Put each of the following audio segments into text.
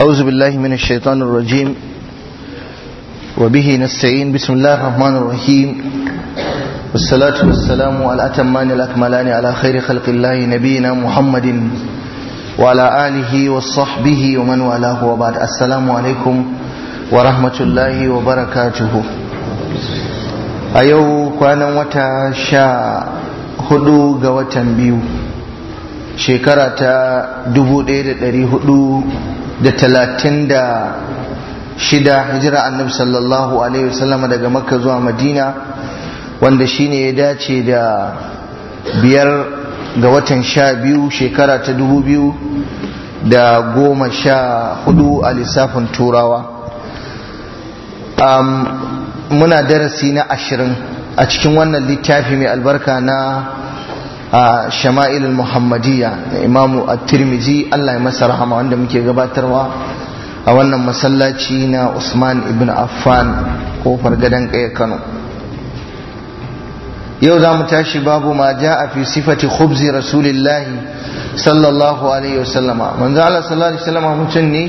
أعوذ بالله من الشيطان الرجيم وبه نستعين بسم الله الرحمن الرحيم والصلاة والسلام على الأتمان الأكملان على خير خلق الله نبينا محمد وعلى آله وصحبه ومن والاه وبعد السلام عليكم ورحمة الله وبركاته أيو كان وتا شاء هدو غوة بيو شكرة دبو دير دري هدو da talatin da shida hijira annabi sallallahu alaihi wasallam daga makka zuwa madina wanda shi ne ya dace da biyar ga watan sha biyu shekara ta dubu biyu da goma sha hudu a lissafin turawa muna darasi na ashirin a cikin wannan littafi mai albarka na a shama'il muhammadiyya na imamu at-tirmidhi Allah ya masa rahama wanda muke gabatarwa a wannan masallaci na Usman ibn Affan kofar gadan kaya Kano yau za mu tashi babu ma ja'a fi sifati khubzi rasulillahi sallallahu alaihi wasallama manzo Allah sallallahu alaihi wasallama mutum ne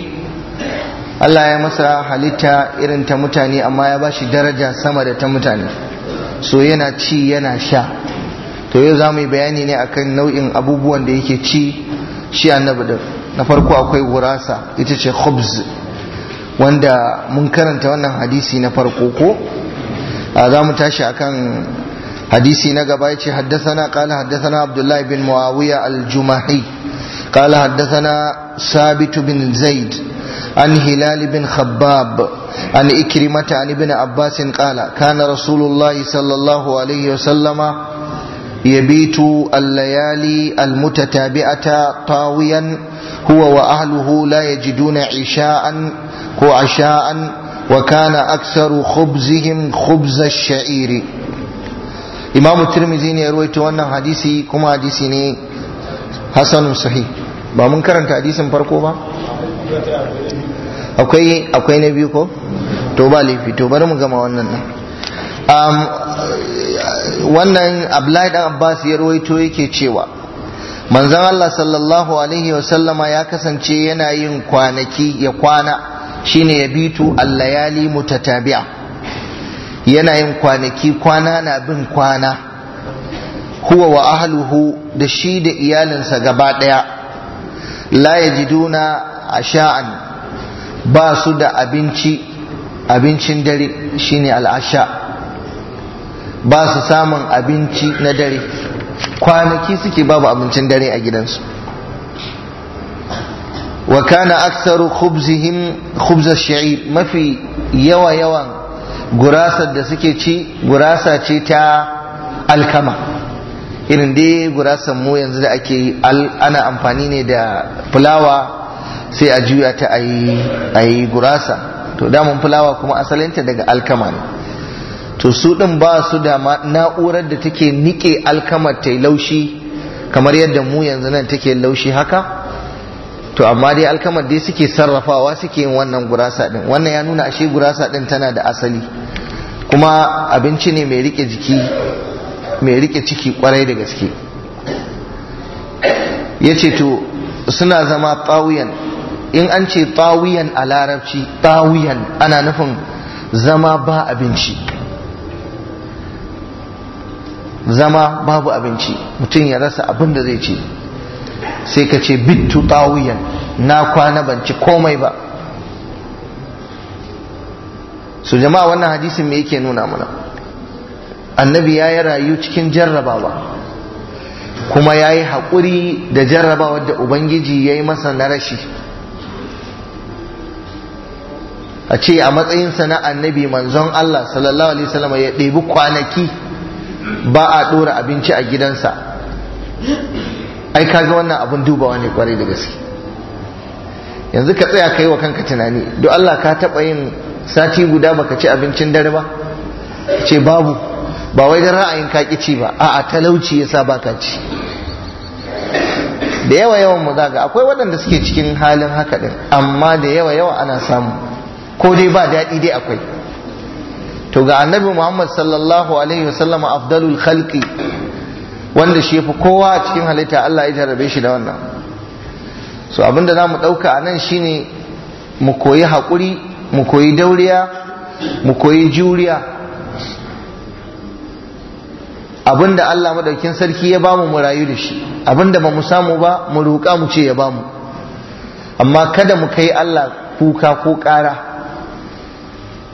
Allah ya masa halitta irin ta mutane amma ya bashi daraja sama da ta mutane so yana ci yana sha to yau za mu yi bayani ne akan nau'in abubuwan da yake ci shi annabi da na farko akwai gurasa ita ce khubz wanda mun karanta wannan hadisi na farko ko za mu tashi akan hadisi na gaba yace haddathana qala haddathana abdullahi bin muawiya al-jumahi qala haddathana sabit bin zaid عن هلال بن خباب عن إكرمة عن ابن عباس قال كان رسول الله صلى الله عليه وسلم يبيت الليالي المتتابعة طاويا هو وأهله لا يجدون عشاء وعشاء وكان أكثر خبزهم خبز الشعير إمام الترمذي يروي توانا حديثي كما حديثي ني حسن صحيح ba mun karanta hadisin farko ba akwai akwai na biyu ko to ba laifi to bari mu gama wannan nan wannan Abdullahi dan Abbas ya rawaito yake cewa manzon Allah sallallahu alaihi wa sallama ya kasance yana yin kwanaki ya kwana shine ya bitu allayali mutatabi'a yana yin kwanaki kwana na bin kwana huwa wa ahluhu da shi da iyalinsa gaba daya la yajiduna asha'an ba su da abinci abincin dare shine al'asha ba su samun abinci na dare kwanaki suke babu abincin dare a gidansu wa kana aksaru khubzihim khubza mafi yawa yawan gurasar da suke ci gurasa ce ta alkama irin dai gurasar mu yanzu da ake ana amfani ne da fulawa sai a juya ta ayi yi gurasa to damun fulawa kuma asalinta daga alkama ne to su ɗin ba su da na'urar da take niƙe alkamar ta laushi kamar yadda mu yanzu nan take laushi haka to amma dai alkamar dai suke sarrafawa suke yin wannan gurasa ɗin wannan ya nuna ashe gurasa ɗin tana da asali kuma abinci ne mai rike jiki mai rike ciki kwarai da gaske ya ce to suna zama tsawiyan in an ce tsawiyan a larabci tsawiyan ana nufin zama ba abinci zama babu abinci mutum ya rasa abin da zai ci sai ka ce bittu tawiyan na kwana banci komai ba su jama'a wannan hadisin me yake nuna mana annabi ya yi rayu cikin jarrabawa kuma ya yi haƙuri da jarrabawar da ubangiji ya yi masa na rashi a ce a matsayinsa na annabi manzon Allah sallallahu alaihi wasallam ya ɗebi kwanaki ba a ɗora abinci a gidansa ai ka ga wannan abin dubawa ne kwarai da gaske yanzu ka tsaya ka yi wa kanka tunani don Allah ka taɓa yin sati guda baka ci abincin dare ba ce babu ba wai da ra'ayin ka ci ba a'a talauci yasa baka ci da yawa yawan mu zaga akwai waɗanda suke cikin halin haka din amma da yawa yawa ana samu ko dai ba daɗi dai akwai to ga annabi Muhammad sallallahu alaihi wasallam afdalul khalqi wanda shi fi kowa a cikin halitta Allah ya jarrabe shi da wannan so abinda za mu ɗauka a nan shine mu koyi haƙuri mu koyi dauriya mu koyi juriya abinda Allah madaukin sarki ya bamu mu rayu da shi abinda ba mu samu ba mu roƙa mu ce ya bamu amma kada mu kai Allah kuka ko ƙara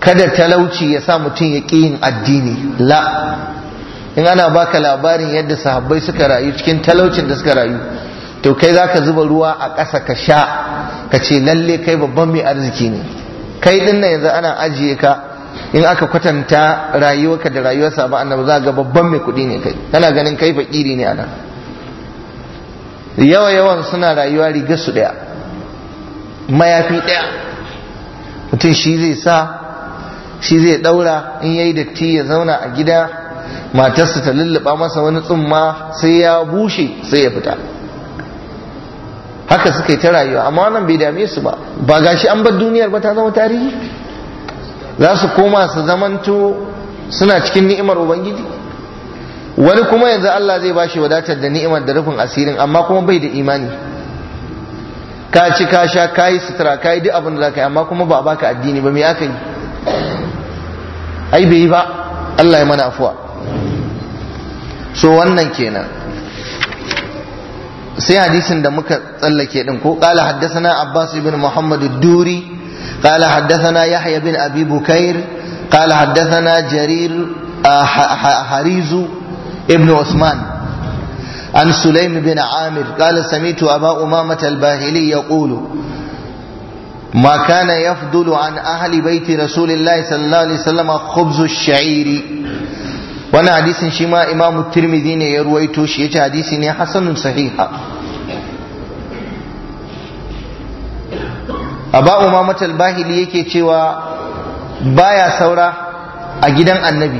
kada talauci ya sa mutum ya ƙi yin addini la in ana baka labarin yadda sahabbai suka rayu cikin talaucin da suka rayu to kai za ka zuba ruwa a ƙasa ka sha ka ce lalle kai babban mai arziki ne kai din nan yanzu ana ajiye ka in aka kwatanta rayuwarka da rayuwar sabon annabi za ga babban mai kuɗi ne kai kana ganin kai fakiri ne ana yawa yawan suna rayuwa riga su ɗaya mayafi ɗaya mutum shi zai sa shi zai daura in yayi datti ya zauna a gida matarsa ta lulluɓa masa wani tsumma sai ya bushe sai ya fita haka suka yi ta rayuwa amma wannan bai dame su ba ba gashi an bar duniyar ba ta zama tarihi za su koma su zamanto suna cikin ni'imar ubangiji wani kuma yanzu Allah zai bashi wadatar da ni'imar da rufin asirin amma kuma bai da imani ka ci ka sha ka yi sutura ka yi duk abin da za ka yi amma kuma ba a baka addini ba me aka yi ai bai yi ba Allah ya mana afuwa so wannan kenan sai hadisin da muka tsallake din ko qala haddathana abbas ibn muhammad ad-duri qala haddathana yahya bin abi bukair qala haddathana jarir ah, harizu ibn usman an sulaim bin amir qala sami'tu aba umamah al-bahili yaqulu ما كان يفضل عن أهل بيت رسول الله صلى الله عليه وسلم خبز الشعير وانا حديث شما إمام الترمذي ne ya ruwaito حسن yace hadisi أمامة الباهي ليكي Aba بايا al-Bahili النبي cewa baya gidan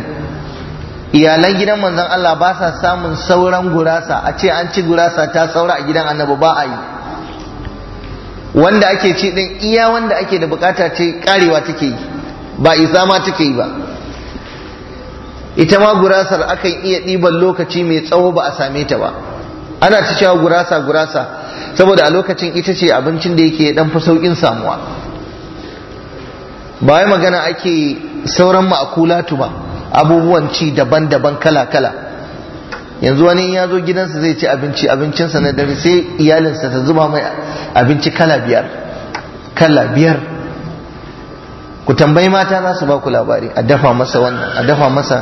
iyalan gidan manzon Allah ba sa samun sauran gurasa a ce an ci gurasa ta saura a gidan Annabi ba a yi wanda ake ci din iya wanda ake da bukata ce karewa take yi ba isa ma take yi ba ita ma gurasar akan iya ɗiban lokaci mai tsawo ba a same ta ba ana ta cewa gurasa gurasa saboda a lokacin ita ce abincin da yake dan fi saukin samuwa ba magana ake sauran ma'akulatu ba abubuwan ci daban-daban kala-kala yanzu wani ya zo gidansa zai ci abinci abincinsa na dare sai iyalinsa ta zuba mai abinci kala biyar kala biyar ku tambayi mata za su ba ku labari a dafa masa wannan a dafa masa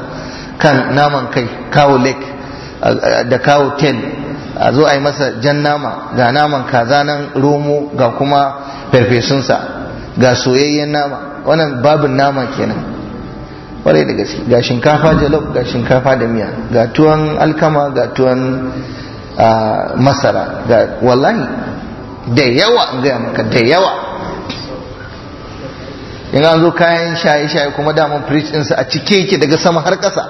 kan naman kai kawo lake da kawo tel a zo a yi masa jan nama ga naman kaza nan romo ga kuma farfesunsa ga soyayyen nama wannan babin nama kenan kwarai da gaske ga shinkafa jalof ga shinkafa da miya ga tuwon alkama ga tuwon masara ga wallahi da yawa ga maka da yawa in an zo kayan shaye-shaye kuma damar fridge a cike yake daga sama har ƙasa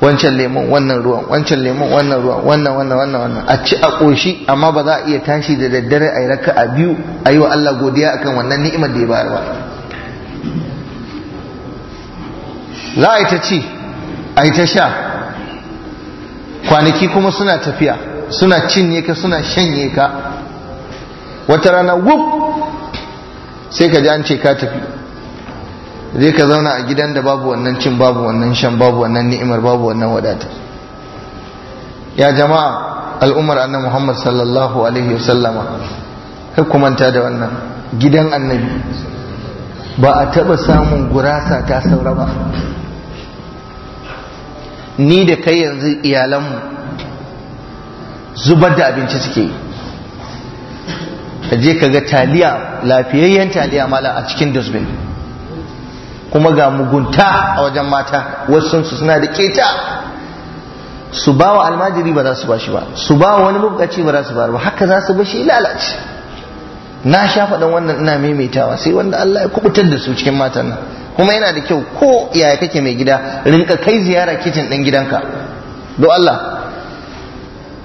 wancan lemon wannan ruwan wancan lemon wannan ruwan wannan wannan wannan wannan a ci a ƙoshi amma ba za a iya tashi da daddare a yi raka a biyu a yi wa Allah godiya akan wannan ni'imar da ya bayarwa. ba za a yi ta ci a yi ta sha kwanaki kuma suna tafiya suna cinye ka suna shanye ka wata rana wuf sai ka ji an ce ka tafi zai ka zauna a gidan da babu wannan cin babu wannan shan babu wannan ni'imar babu wannan wadatar ya jama'a al'ummar annan Muhammad sallallahu alaihi wasallama hukumanta manta da wannan gidan annabi ba a taba samun gurasa ta saura ba ni da kai yanzu iyalanmu zubar da abinci suke yi ka je ka ga taliya lafiyayyen taliya mala a cikin dusbin kuma ga mugunta a wajen mata wasu su suna da keta su ba wa almajiri ba za su ba shi ba su ba wa wani mabukaci ba za su ba ba haka za su ba shi lalace na sha faɗin wannan ina maimaitawa sai wanda Allah ya kubutar da su cikin matan nan kuma yana da kyau ko yaya kake mai gida rinka kai ziyara kicin ɗin gidanka don Allah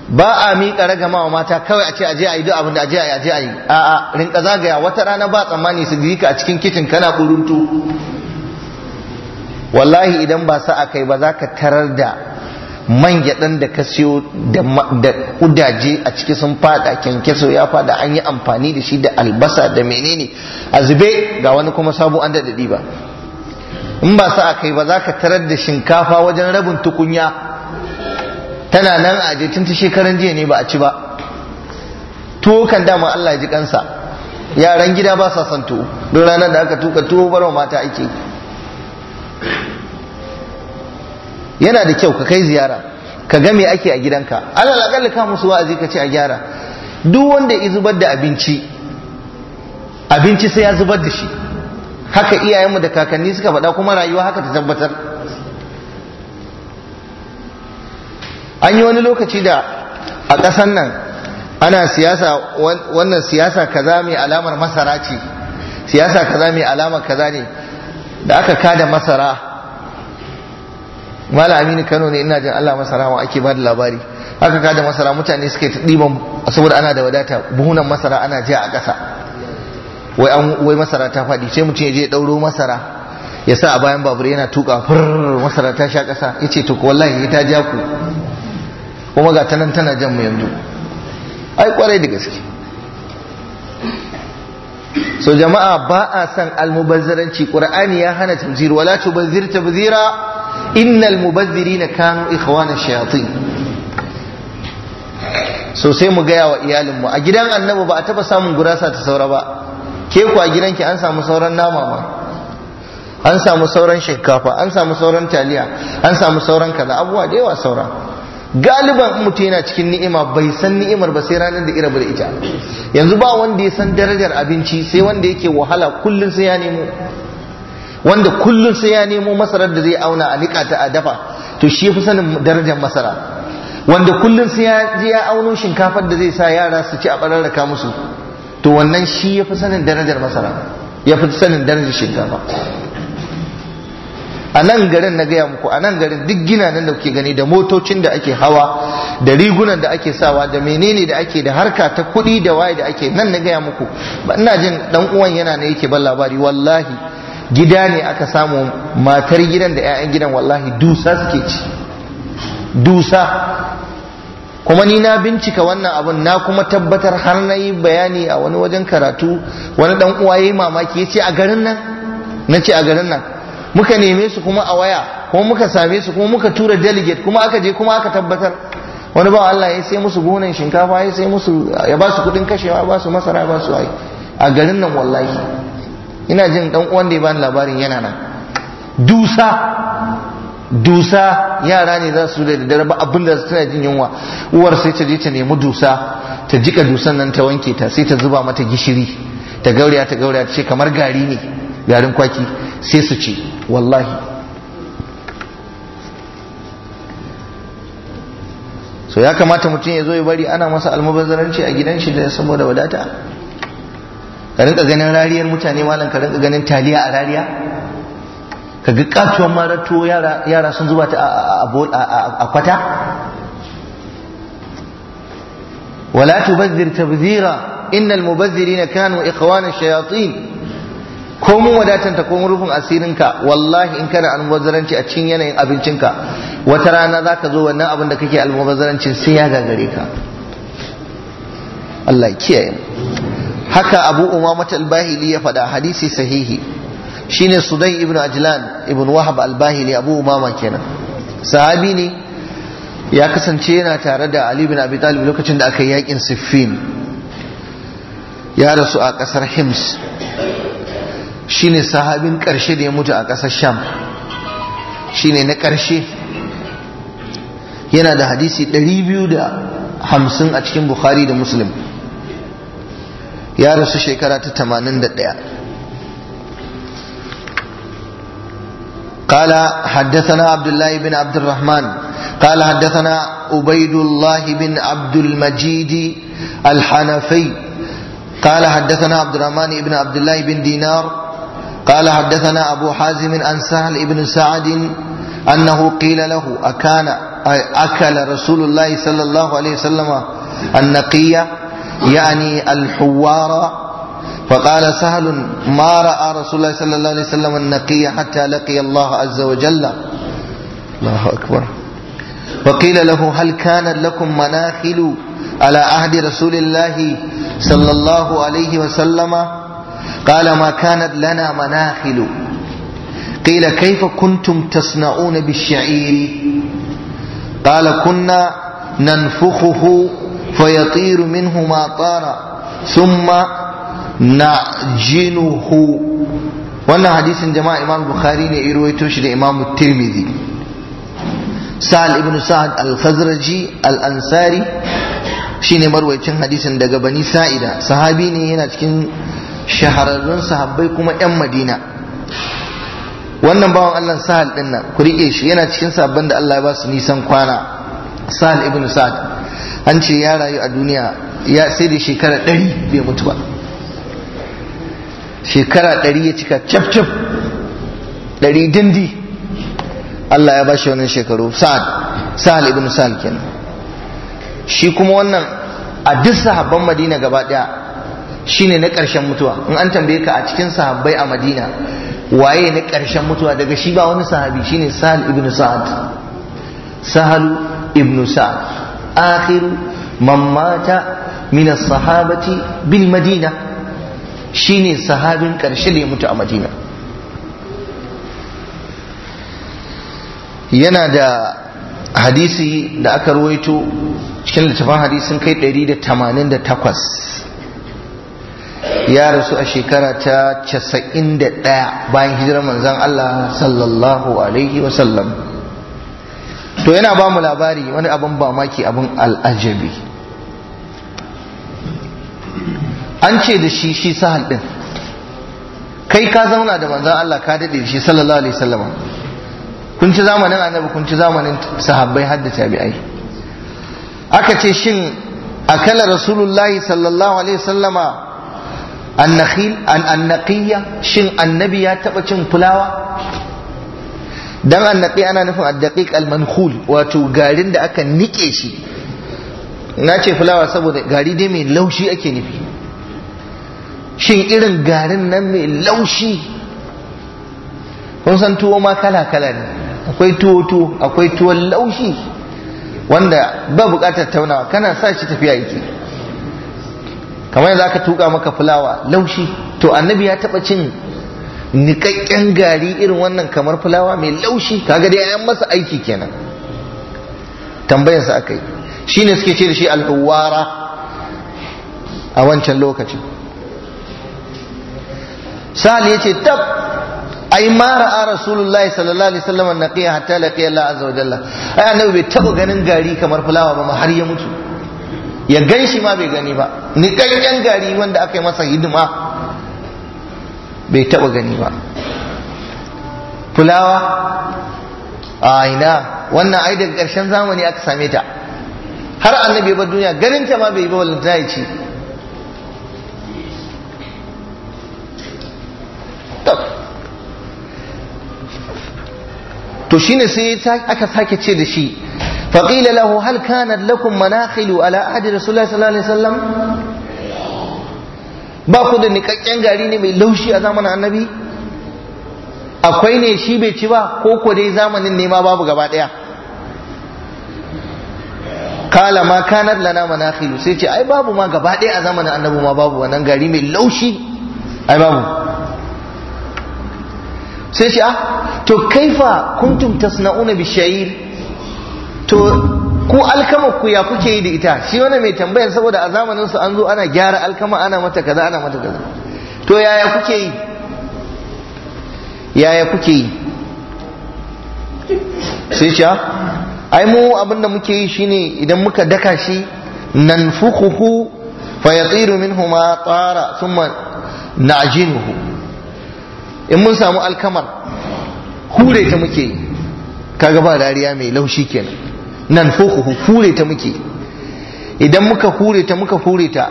ba a miƙa ragama wa mata kawai a ce aje a yi duk abin da aje a yi aje a yi a'a rinka zagaya wata rana ba tsammani su ka a cikin kicin kana kuruntu wallahi idan ba sa a kai ba za ka tarar da man gyaɗan da ka siyo da kudaje a ciki sun fada kyankyaso ya fada an yi amfani da shi da albasa da menene a zube ga wani kuma sabu an daɗaɗi ba in ba sa kai ba za ka tarar da shinkafa wajen rabin tukunya tana nan a tun ta shekaran jiya ne ba a ci ba tuwo kan dama Allah ji kansa yaran gida ba sa son tuwo don ranar da aka tuka tuwo barwa mata ake yana da kyau ka kai ziyara ka ga me ake a gidanka Allah la ka musu wa'azi ka ce a gyara duk wanda ya zubar da abinci abinci sai ya zubar da shi haka iyayenmu da kakanni suka faɗa kuma rayuwa haka ta tabbatar an yi wani lokaci da a ƙasan nan ana siyasa wannan siyasa kaza mai alamar masara ce siyasa kaza mai alamar kaza ne da aka kada masara mala aminu kano ne ina jin allah masara wa ake ba da labari aka kada masara mutane suka yi ta ɗiban saboda ana da wadata buhunan masara ana jiya a ƙasa wai an wai masara ta faɗi sai mutum ya je ɗauro masara ya sa a bayan babur yana tuka fur masara ta sha ƙasa ya ce to wallahi ta ja ku kuma ga ta tana jan mu yanzu ai kwarai da gaske so jama'a ba a san almubazzaranci qur'ani ya hana tabzir wala tubazzir tabzira innal mubazzirina kanu ikhwana shayatin so sai mu gaya wa iyalinmu a gidan annabi ba a taba samun gurasa ta saura ba ke ku a gidanki an samu sauran nama ma an samu sauran shinkafa an samu sauran taliya an samu sauran kaza abubuwa da yawa saura galiban mutum yana cikin ni'ima bai san ni'imar ba sai ranar da ira da ita yanzu ba wanda ya san darajar abinci sai wanda yake wahala kullum sai ya nemo wanda kullum sai ya nemo masarar da zai auna a nika ta a dafa to shi fi sanin darajar masara wanda kullum sai ya je ya auno shinkafar da zai sa yara su ci a bararraka musu to wannan shi ya fi sanin darajar masara ya fi sanin darajar shinkafa a nan garin na gaya muku a nan garin duk gina nan da kuke gani da motocin da ake hawa da rigunan da ake sawa da menene da ake da harka ta kuɗi da waye da ake nan na gaya muku ba ina jin dan uwan yana ne yake ban labari wallahi gida ne aka samu matar gidan da 'ya'yan gidan wallahi dusa suke ci dusa kuma ni na bincika wannan abun na kuma tabbatar har na yi bayani a wani wajen karatu wani dan uwa yayi mamaki ya ce a garin nan na ce a garin nan muka neme su kuma a waya kuma muka same su kuma muka tura delegate kuma aka je kuma aka tabbatar wani ba Allah ya sai musu gonan shinkafa ya sai musu ya ba su kudin kashewa ba su masara ba su ai a garin nan wallahi ina jin dan uwan da ya bani labarin yana nan dusa dusa yara ne za su da daraba ba abin da tana jin yunwa uwar sai ta je ta nemi dusa ta jika dusan nan ta wanke ta sai ta zuba mata gishiri ta gauraya ta gauraya ta ce kamar gari ne garin kwaki sai su ce wallahi so ya kamata mutum ya zo ya bari ana masa almubazzaranci a gidan shi da ya saboda wadata ka rinka ganin rariyar mutane malam ka rinka ganin taliya a rariya kaga katuwar marato yara yara sun zuba ta a kwata wala tubazzir tabzira innal mubazzirina kanu ikhwana shayatin ko mun wadatanta ko mun rufin asirinka wallahi in kana almubazzaranci a cikin yanayin abincinka wata rana za ka zo wannan abin da kake almubazzaranci sai ya gagare ka Allah kiyaye haka Abu Umama al-Bahili ya faɗa hadisi sahihi shine sudan ibn ajlan ibn wahab al-bahili abu umama kenan sahabi ne ya kasance yana tare da ali bin abi talib lokacin da aka yi yakin siffin ya rasu a kasar hims shine sahabin karshe da ya mutu a kasar sham shine na karshe yana da hadisi 250 a cikin bukhari da muslim ya rasu shekara ta 81 قال حدثنا عبد الله بن عبد الرحمن قال حدثنا عبيد الله بن عبد المجيد الحنفي قال حدثنا عبد الرحمن بن عبد الله بن دينار قال حدثنا أبو حازم عن سهل بن سعد أنه قيل له أكان أكل رسول الله صلى الله عليه وسلم النقية يعني الحوار فقال سهل ما رأى رسول الله صلى الله عليه وسلم النقي حتى لقي الله عز وجل الله أكبر وقيل له هل كانت لكم مناخل على عهد رسول الله صلى الله عليه وسلم قال ما كانت لنا مناخل قيل كيف كنتم تصنعون بالشعير قال كنا ننفخه فيطير منه ما طار ثم Na jinuhu wannan hadisin jama'a imam bukhari ne ya shi da imam tirmidhi sa'al ibn sa'ad al-khazraji al-ansari shine marwayacin hadisin daga bani sa'ida sahabi ne yana cikin shahararrun sahabbai kuma yan madina wannan bawan Allah sa'al din nan ku rike shi yana cikin sabban da Allah ya ba su nisan kwana sa'al ibn sa'ad an ce ya rayu a duniya ya sai da shekara ɗari bai mutu ba shekara ɗari ya cika cif cif ɗari dindi Allah ya ba shi wannan shekaru sa'ad sa'al ibn Sa'ad kenan shi kuma wannan a duk sahabban madina gaba ɗaya shine na ƙarshen mutuwa in an tambaye ka a cikin sahabbai a madina waye na ƙarshen mutuwa daga shi ba wani sahabi shine sahal ibn sa'ad sahalu ibn sa'ad akhiru man mata sahabati bil madina Shi ne sahabin ƙarshe da ya mutu a madina yana da hadisi da aka ruwaito cikin littafin hadisin kai 188 ya rasu a shekara ta 91 bayan hijirar manzan Allah sallallahu alaihi wasallam to yana ba mu labari wani abin ba maki abin al'ajabi an ce da shi shi sahal din kai ka zauna da manzon Allah ka dade shi sallallahu alaihi wasallam kun ci zamanin annabi kun ci zamanin sahabbai hadda tabi'ai aka ce shin akala rasulullahi sallallahu alaihi wasallama annakhil an annaqiyya shin annabi ya taba cin fulawa dan annaqi ana nufin addaqiq almankhul wato garin da aka nike shi na ce fulawa saboda gari dai mai laushi ake nufi shin irin garin nan mai laushi kun san tuwo ma kala-kala ne akwai tuwo-tuwo akwai tuwon laushi wanda ba bukatar taunawa kana sa shi tafiya yake kamar yadda aka tuka maka fulawa laushi to annabi ya taba cin nikakken gari irin wannan kamar fulawa mai laushi kaga dai an masa aiki kenan tambayarsa akai Shi shine suke ce da shi alhuwara a wancan lokacin sahal yace tab ai ma ra'a rasulullahi sallallahu alaihi wasallam naqiya hatta laqiya Allah azza wa jalla ai annabi bai taba ganin gari kamar fulawa ba ma har ya mutu ya ganshi ma bai gani ba ni kanyen gari wanda aka yi masa hidima bai taba gani ba fulawa a ina wannan ai daga ƙarshen zamani aka same ta har annabi ba duniya ganin ta ma bai yi ba walanta yi ce to shine sai aka sake ce da shi faqila lahu hal kanat lakum manakhilu ala ahdi rasulullahi sallallahu alaihi wasallam ba ku da nikakken gari ne mai laushi a zamanin annabi akwai ne shi bai ci ba ko ko dai zamanin ne ma babu gaba daya kala ma kanat lana manakhilu sai ce ai babu ma gaba daya a zamanin annabi ma babu wannan gari mai laushi ai babu sai ce ah to kaifa kuntum tasna'una bishayir to ku alkama ku ya kuke yi da ita shi wani mai tambayar saboda a zamanin su an zo ana gyara alkama ana mata kaza ana mata kaza to yaya kuke yi yaya kuke yi sai ah, ai mu abin da muke yi shine idan muka daka shi nanfukuhu fa yatiru minhu ma tara thumma na'jinuhu in mun samu alkamar hure ta muke kaga ba dariya mai laushi kenan nan fukuhu hure ta muke idan muka hure ta muka hure ta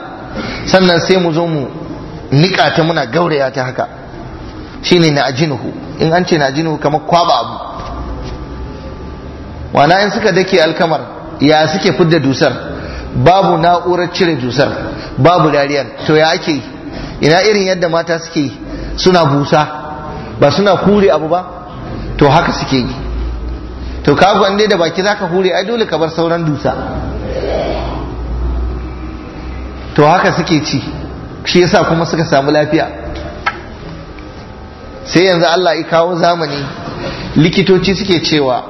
sannan sai mu zo mu nika ta muna gauraya ta haka shine na ajinuhu in an ce na ajinuhu kamar kwaba abu wana in suka dake alkamar ya suke fidda dusar babu na'urar cire dusar babu dariyar to ya ake ina irin yadda mata suke suna busa ba suna kure abu ba to haka suke yi to kaga an da baki zaka hure ai dole ka bar sauran dusa to haka suke ci shi yasa kuma suka samu lafiya sai yanzu Allah ya kawo zamani likitoci suke cewa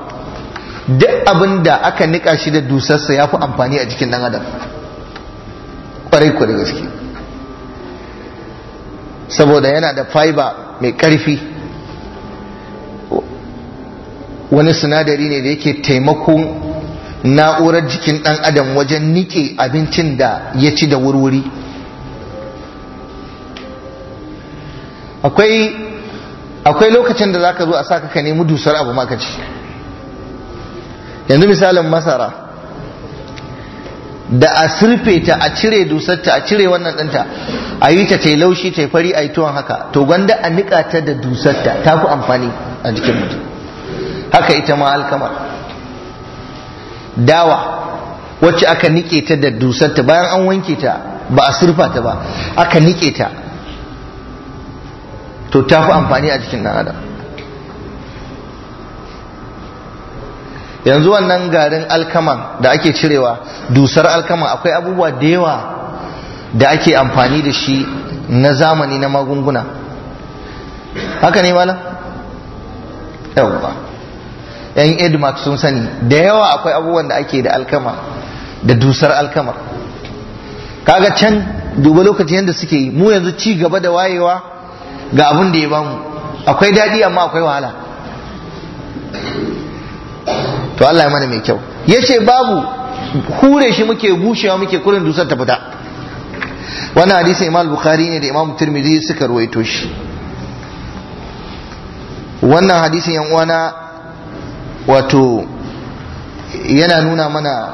duk abin da aka nika shi da dusarsa ya fi amfani a jikin ɗan adam kwarai kwarai gaske saboda yana da fiber mai ƙarfi wani sinadari ne da yake taimako na'urar jikin dan adam wajen nike abincin da ya ci da wurwuri akwai akwai lokacin da zaka zo a sa kaka nemi dusar abu makaci yanzu misalin masara da a surfe ta a cire dusarta a cire wannan ɗanta a yi ta tai laushi tai fari a yi tuwon haka to gwanda a nika ta da dusarta ta fi amfani a jikin mutum haka ita ma alkama dawa wacce aka nike ta da dusarta bayan an wanke ta ba a surfa ta ba aka nike ta to ta fi amfani a jikin dan adam yanzu wannan garin alkaman da ake cirewa dusar alkama akwai abubuwa da yawa da ake amfani da shi na zamani na magunguna haka ne malam yawwa yan edmark sun sani da yawa akwai abubuwan da ake da alkama da dusar alkamar kaga can duba lokacin yadda suke yi mu yanzu ci gaba da wayewa ga abin da ya bamu akwai daɗi amma akwai wahala to Allah ya mana mai kyau yace babu hure shi muke bushewa muke kurin dusar ta fita wannan hadisi imam bukhari ne da imam tirmidhi suka ruwaito shi wannan hadisin yan uwana wato yana nuna mana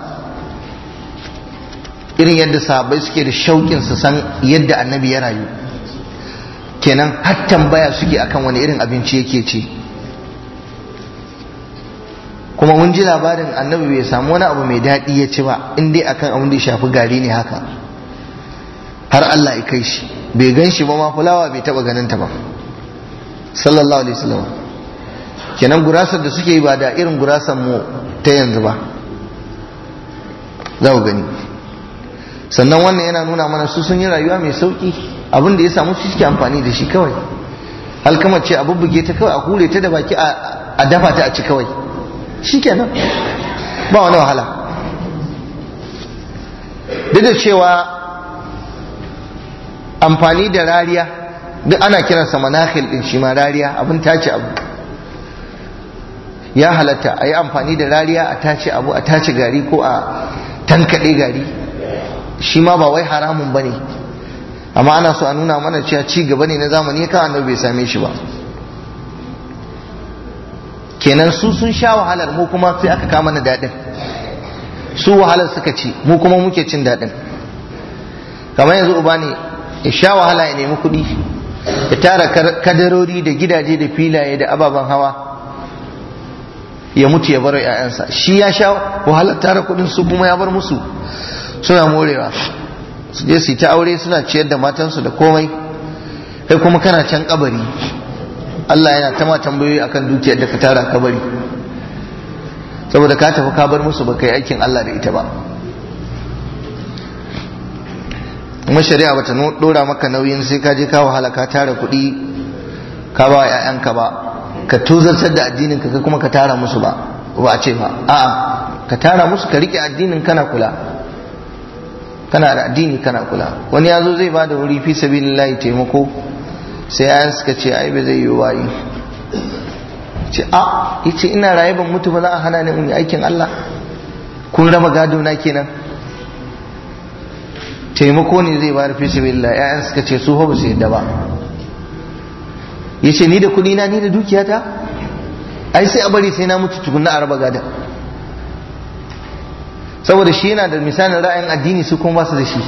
irin yadda sahabbai suke da shauƙin su san yadda annabi ya rayu kenan har tambaya suke akan wani irin abinci yake ci kuma mun ji labarin annabi bai samu wani abu mai daɗi ya ci ba in dai akan abin da ya shafi gari ne haka har Allah ya kai shi bai gan shi ba ma fulawa bai taɓa ganin ta ba sallallahu alaihi wasallam kenan gurasar da suke yi ba da irin gurasar mu ta yanzu ba za ku gani sannan wannan yana nuna mana su sun yi rayuwa mai sauki abin da ya samu su suke amfani da shi kawai halkamar ce a buge ta kawai a hure ta da baki a dafa ta a ci kawai shi kenan ba wani wahala duk da cewa amfani da rariya duk ana kiransa manakil din shi ma rariya abin tace abu ya halatta a yi amfani da rariya a tace abu a tace gari ko a tankaɗe gari shi ma ba wai haramun ba ne amma ana so a nuna mana cewa ci gaba ne na zamani ya kawo bai same shi ba kenan su sun sha wahalar mu kuma sai aka kama na daɗin su wahalar suka ci mu kuma muke cin daɗin kamar yanzu uba ne ya sha wahala ya nemi kuɗi ya tara kadarori da gidaje da filaye da ababen hawa ya mutu ya bar ƴaƴansa shi ya sha wahalar tara kuɗin su kuma ya bar musu suna morewa su je su ta aure suna ciyar da matansu da komai kai kuma kana can kabari Allah yana ta ma tambayoyi akan dukiyar da ka tara kabari saboda ka tafi ka bar musu baka yi aikin Allah da ita ba kuma shari'a bata dora maka nauyin sai ka je ka wahala ka tara kuɗi ka ba 'ya'yanka ba ka tuzartar da addinin ka kuma ka tara musu ba ba a ce ba a'a ka tara musu ka rike addinin kana kula kana da addini kana kula wani yazo zai bada wuri fi sabilillahi taimako sai ayan suka ce ai ba zai yi wayi ce a yace ina raye ban mutu ba za a hana ni in aikin Allah kun raba gado na kenan taimako ne zai bada fi sabilillahi ayan suka ce su ho ba su yadda ba ya ce ni da kuɗi na ni da dukiyata ai sai a bari sai na mutu tukun a raba gada saboda shi yana da misalin ra'ayin addini su kuma basu da shi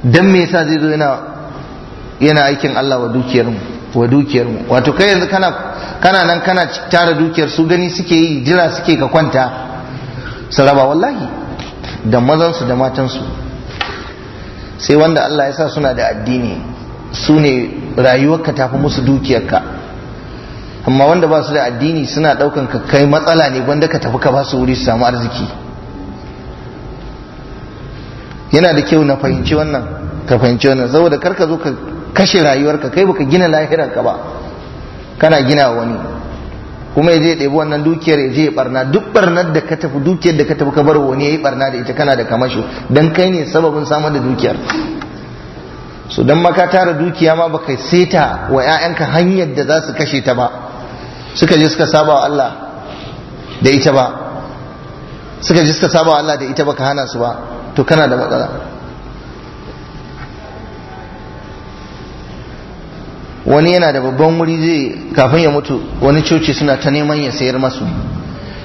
dan me yasa zai zo yana aikin Allah wa dukiyar mu wa dukiyar wato kai yanzu kana kana nan kana tara dukiyar su gani suke yi jira suke ka kwanta su raba wallahi da mazan su da matan su sai wanda Allah ya sa suna da addini su ne rayuwarka tafi musu dukiyarka amma wanda ba su da addini suna daukan ka kai matsala ne wanda ka tafi ka ba su wuri su samu arziki yana da kyau na fahimci wannan ka fahimci wannan saboda karka zo ka kashe rayuwarka kai baka gina lahirarka ba kana gina wani kuma ya je ɗebi wannan dukiyar ya je ya barna duk barnar da ka tafi dukiyar da ka tafi ka bar wani ya yi barna da ita kana da kamashi dan kai ne sababin samar da dukiyar so don maka tara dukiya ma baka seta wa 'ya'yanka hanyar da za su kashe ta ba suka je suka saba wa Allah da ita ba suka je suka saba wa Allah da ita baka hana su ba to kana da matsala wani yana da babban wuri zai kafin ya mutu wani coci suna ta neman ya sayar masu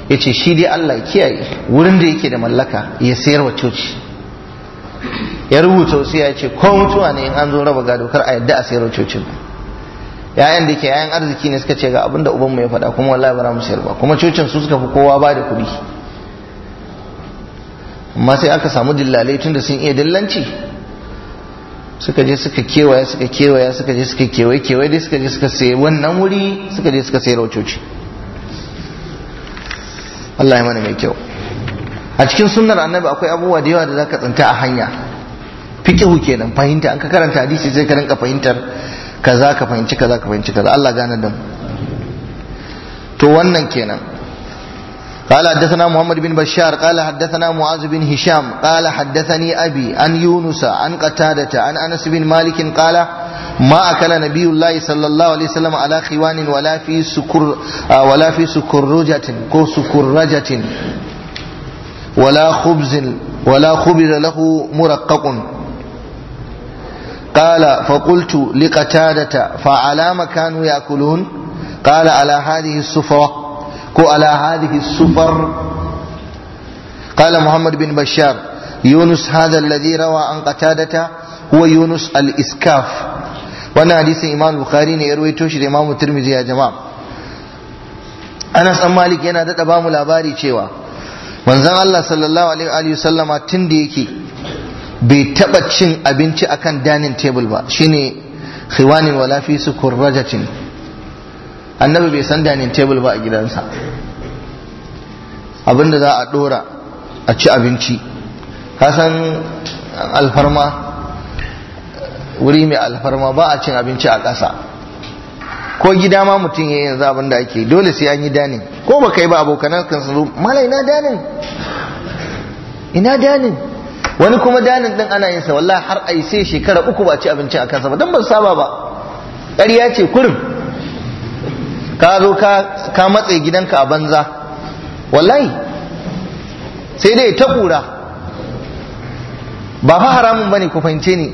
ya ce shi dai Allah kiyaye wurin da yake da mallaka ya sayar wa coci ya rubuta wasu ya ce ko mutuwa ne in an zo raba gado kar a yadda a sayar cocin yayan da ke yayan arziki ne suka ce ga abin da ubanmu ya faɗa kuma wallahi ba mu sayar ba kuma cocin su suka fi kowa ba da kuɗi amma sai aka samu dillalai tun da sun iya dillanci suka je suka kewaya suka kewaya suka je suka kewaye kewaye dai suka je suka sayi wannan wuri suka je suka sayar coci Allah mana mai kyau a cikin sunnar annabi akwai abubuwa da yawa da zaka tsinta a hanya fiqhu kenan fahimta an ka karanta hadisi sai ka rinka fahimtar kaza ka fahimci kaza ka fahimci kaza Allah gane da to wannan kenan قال حدثنا محمد بن بشار قال حدثنا معاذ بن هشام قال حدثني أبي عن يونس عن قتادة عن أنس بن مالك قال ما أكل نبي الله صلى الله عليه وسلم على خوان ولا في سكر ولا في سكرجة كو سكرجة ولا خبز ولا خبز له مرقق قال فقلت لقتادة فعلى ما كانوا يأكلون قال على هذه السفرة كو على هذه السفر قال محمد بن بشار يونس هذا الذي روى عن قتادة هو يونس الإسكاف وانا حديث إمام البخاري يروي توشر إمام الترمذي يا جماعة أنس أم مالك ينا دت أبام الأباري شيئا manzon Allah sallallahu alaihi sallama tun da yake bai taba cin abinci akan dining table ba shine khiwanin wala fi sukurrajatin annabi bai san dining table ba a gidansa abinda za a dora a ci abinci ka san alfarma wuri mai alfarma ba a cin abinci a ƙasa ko gida ma mutum ya yanzu abin da ake dole sai an yi danin ko ba kai ba abokanan kan su mala ina danin ina danin wani kuma danin din ana yin sa wallahi har yi. sai shekara uku ba ci abinci a kansa ba dan ban saba ba ƙarya ce kurin ka zo ka ka gidanka a banza wallahi sai dai ta kura ba fa haramun bane ku fahimce ni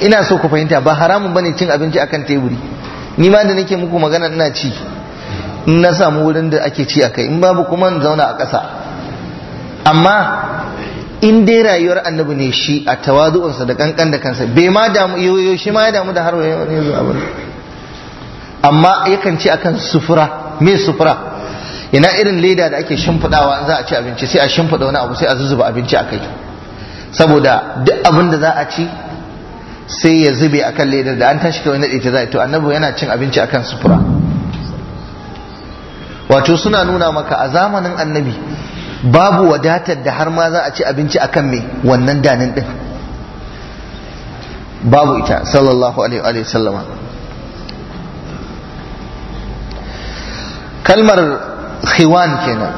ina so ku fahimta ba haramun bane cin abinci akan teburi ni ma da nake muku magana ina ci in na samu wurin da ake ci a kai in babu kuma in zauna a ƙasa amma in dai rayuwar annabi ne shi a tawazu'unsa da kankan da kansa bai ma damu yoyo shi ma ya damu da har wani yanzu abin amma yakan ce akan sufura me sufura ina irin leda da ake shimfidawa in za a ci abinci sai a shimfida wani abu sai a zuzuba abinci a kai saboda duk abin da za a ci sai ya zube akan ledar da an tashi kawai naɗe ta zai to annabi yana cin abinci akan sufura wato suna nuna maka a zamanin annabi babu wadatar da har ma za a ci abinci akan me wannan danin din babu ita sallallahu alaihi wa sallama kalmar khiwan kenan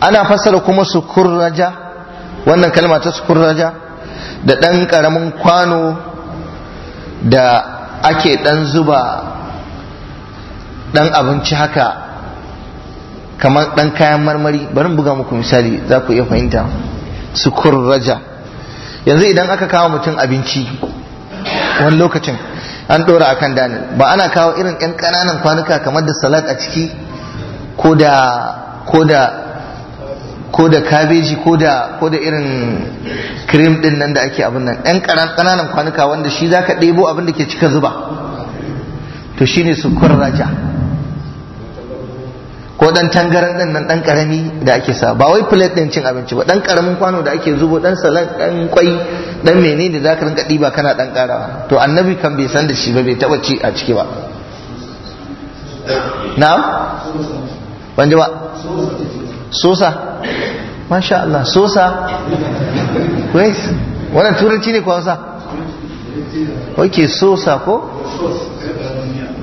ana fassara kuma sukurraja wannan kalma ta sukurraja da ɗan ƙaramin kwano da ake dan zuba dan abinci haka kamar dan kayan marmari bari buga muku misali za ku iya fahimta su kurraja yanzu idan aka kawo mutum abinci wani lokacin an dora akan dani ba ana kawo irin yan ƙananan kwanuka kamar da salat a ciki ko da ko da ko da kabeji ko da ko da irin cream din nan da ake abin nan ɗan ƙananan kwanuka wanda shi zaka ɗebo abin da ke cika zuba to shine sukur raja ko dan tangaran din nan dan karami da ake sa ba wai plate din cin abinci ba dan karamin kwano da ake zubo dan salad dan kwai dan menene zaka rinka diba kana dan karawa to annabi kan bai san da shi ba bai taba ci a ciki ba na ban ji ba sosa masha Allah sosa wais wannan turanci ne ko hausa ok sosa ko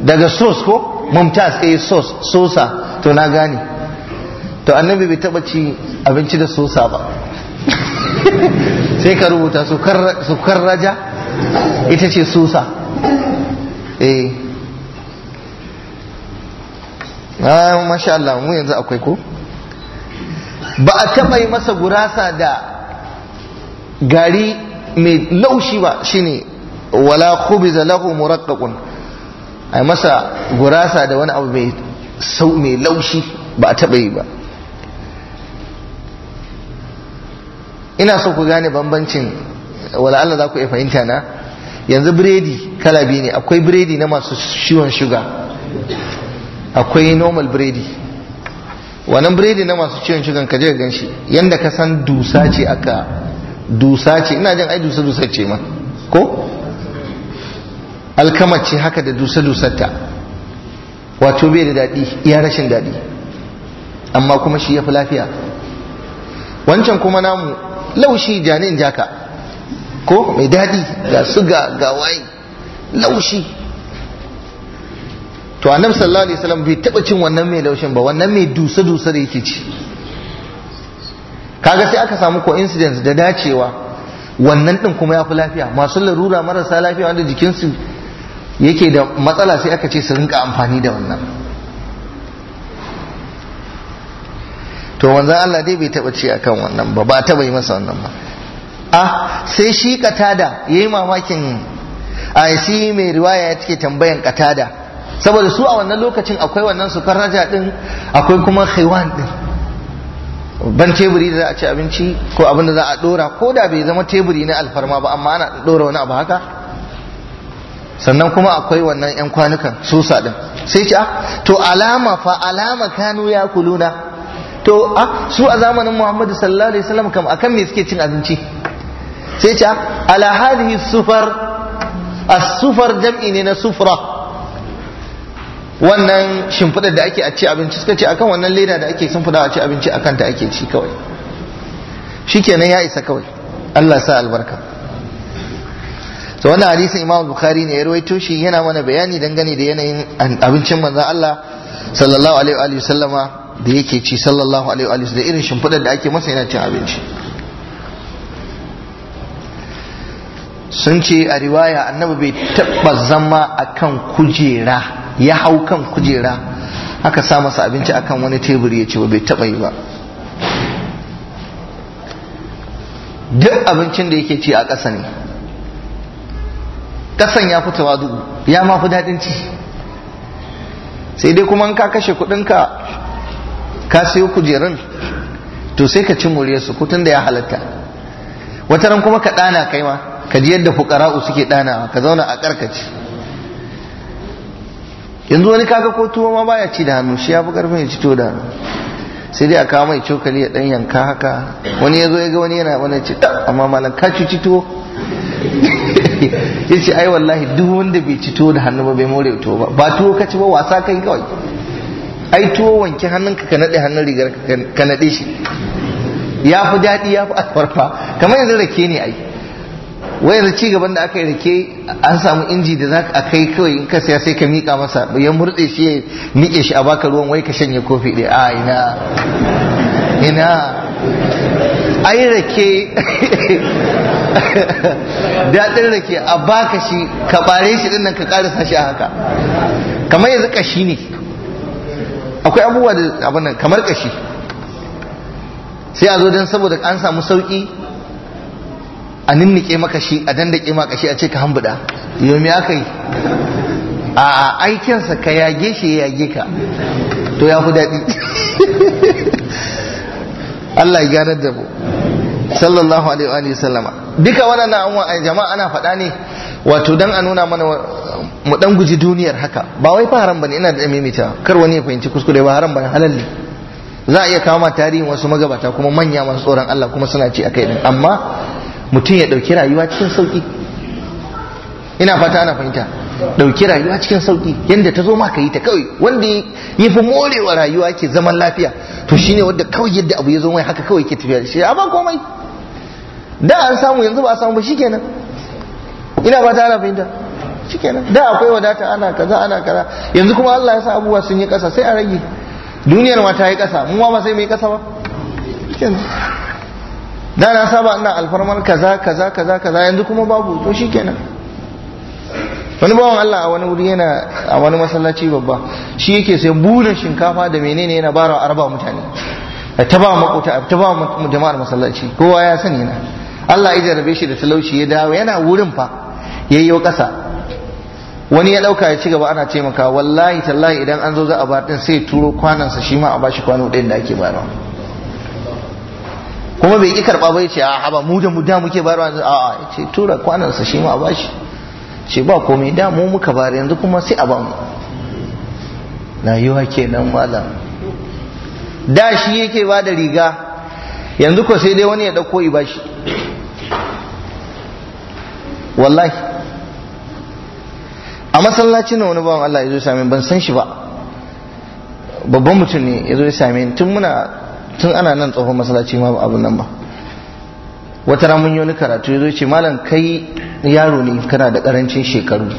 daga sos ko mumtaz eh sos sosa to na gane to annabi bai taba ci abinci da sosa ba sai ka rubuta su raja ita ce sosa eh ah masha Allah mu yanzu akwai ko ba a taɓa yi masa gurasa da gari mai laushi ba shine wala khubiza lahu muraqqaqun A masa gurasa da wani abu mai sau mai laushi ba a taɓa yi ba ina so ku gane bambancin wala Allah za ku iya fahimta na yanzu biredi kala biyu ne akwai biredi na masu shiwon shuga akwai normal biredi wannan biredi na masu ciwon shugan ka je gan shi yanda ka san dusa ce aka dusa ce ina jin ai dusa dusa ce ma ko alkamar ce haka da dusa ta wato bai da daɗi iya rashin daɗi amma kuma shi ya fi lafiya wancan kuma namu laushi janin jaka ko mai daɗi ga suga ga waye laushi to annabi sallallahu alaihi wasallam bai taba cin wannan mai laushin ba wannan mai dusa dusa da yake ci kaga sai aka samu ko coincidence da dacewa wannan din kuma ya fi lafiya masu larura marasa lafiya wanda jikinsu yake da matsala sai aka ce su rinka amfani da wannan to wanzan Allah dai bai taba ci akan wannan ba ba taba yi masa wannan ba ah sai shi katada yayi mamakin a shi mai riwaya ya take tambayan katada saboda su a wannan lokacin akwai wannan sukarraja din akwai kuma haiwan din ban teburi da za a ci abinci ko abin da za a dora ko da bai zama teburi na alfarma ba amma ana dora wani abu haka sannan kuma akwai wannan yan kwanukan susa din sai ce ah, to alama fa alama kanu ya kuluna to a ah, su a zamanin muhammadu sallallahu alaihi wasallam kam akan me suke cin abinci sai ce ah, ala hadhihi sufar as-sufar jam'i ne na sufra wannan shimfidar da ake a ci abinci suka ce akan wannan leda da ake shimfiɗa a ci abinci akan ta ake ci kawai shikenan ya isa kawai Allah sa albarka so wannan hadisin Imam Bukhari ne ya rawaito shi yana mana bayani dangane da yanayin abincin manzon Allah sallallahu alaihi wa sallama da yake ci sallallahu alaihi wa da irin shimfidar da ake masa yana cin abinci sun ce a riwaya annabi bai taɓa zama akan kujera ya hau kan kujera aka sa masa abinci akan wani tebur ya ce ba bai taɓa yi ba duk abincin da yake ci a ƙasa ne ƙasan ya fi tawadu ya ma fi daɗin ci sai dai kuma in ka kashe kuɗinka ka sayo kujerun to sai ka ci muryarsu kutun da ya halatta wataran kuma ka ɗana kai ma ka ji yadda fukara'u suke ɗanawa ka zauna a ci. yanzu wani kaga ko tuwo ma baya ci da hannu shi ya fi karfin ya ci tuwo da hannu sai dai a kawo mai cokali ya dan yanka haka wani ya zo ya ga wani yana wani ta amma malam ka ci ci tuwo ya ce ai wallahi duk wanda bai ci tuwo da hannu ba bai more tuwo ba ba tuwo ka ci ba wasa kai kawai ai tuwo wanke hannunka ka naɗe hannun rigar ka naɗe shi ya fi daɗi ya fi alfarfa kamar yanzu rake ne ai wayar ci gaban da aka yi rake an samu inji da za a kai kawai in ka siya sai ka mika masa ya murɗe shi ya miƙe shi a baka ruwan wai ka shanye kofi ɗaya a ina ina ai rake daɗin rake a baka shi ka bare shi ɗin nan ka ƙarasa shi a haka kamar yanzu ƙashi ne akwai abubuwa da abin kamar ƙashi sai a zo don saboda an samu sauƙi a ninnike maka shi a dandake maka shi a ce ka hambuda yomi aka yi a aikinsa ka yage shi ya yage ka to ya fi daɗi Allah ya ganar da mu sallallahu alaihi wa sallama duka waɗannan an wa'ai jama'a ana faɗa ne wato dan a nuna mana mu dan guji duniyar haka ba wai fa haram bane ina da mita kar wani ya fahimci kuskure ba haram bane halalli za a iya kama ma tarihin wasu magabata kuma manya masu tsoron Allah kuma suna ci akai din amma mutum ya ɗauki rayuwa cikin sauƙi ina fata ana fahimta ɗauki rayuwa cikin sauƙi yadda ta zo ma ka yi ta kawai wanda ya fi morewa rayuwa ke zaman lafiya to ne wadda kawai yadda abu ya zo mai haka kawai ke tafiya shi a ba komai da an samu yanzu ba a samu ba shi kenan ina fata ana fahimta kenan da akwai wadata ana kaza ana kaza yanzu kuma Allah ya sa abubuwa sun yi ƙasa sai a rage duniyar ma ta yi ƙasa mu ma ba sai mu yi ƙasa ba da na saba ina alfarmar kaza kaza kaza kaza yanzu kuma babu to shikenan wani bawan Allah a wani wuri yana a wani masallaci babba shi yake sai buɗe shinkafa da menene yana bara arba mutane ta ba makota ta ba jama'ar masallaci kowa ya sani na Allah ya jarabe shi da talauci ya dawo yana wurin fa yayyo kasa wani ya ɗauka ya ci gaba ana ce maka wallahi tallahi idan an zo za a ba din sai turo kwanansa shi ma a bashi kwano ɗayan da ake bayarwa kuma bai ki karba bai ce a haba mu da mu da muke bayarwa a a'a ce tura kwanan sa shi ma bashi ce ba komai da mu muka bayar yanzu kuma sai a ba mu rayuwa kenan malam da shi yake ba da riga yanzu ko sai dai wani ya dauko i bashi wallahi a masallacin wani bawan Allah ya zo same ban san shi ba babban mutum ne ya zo ya same tun muna tun ana nan tsohon masallaci ma ba abin nan ba wata ramun yi wani karatu ya zo ce malam kai yaro ne kana da karancin shekaru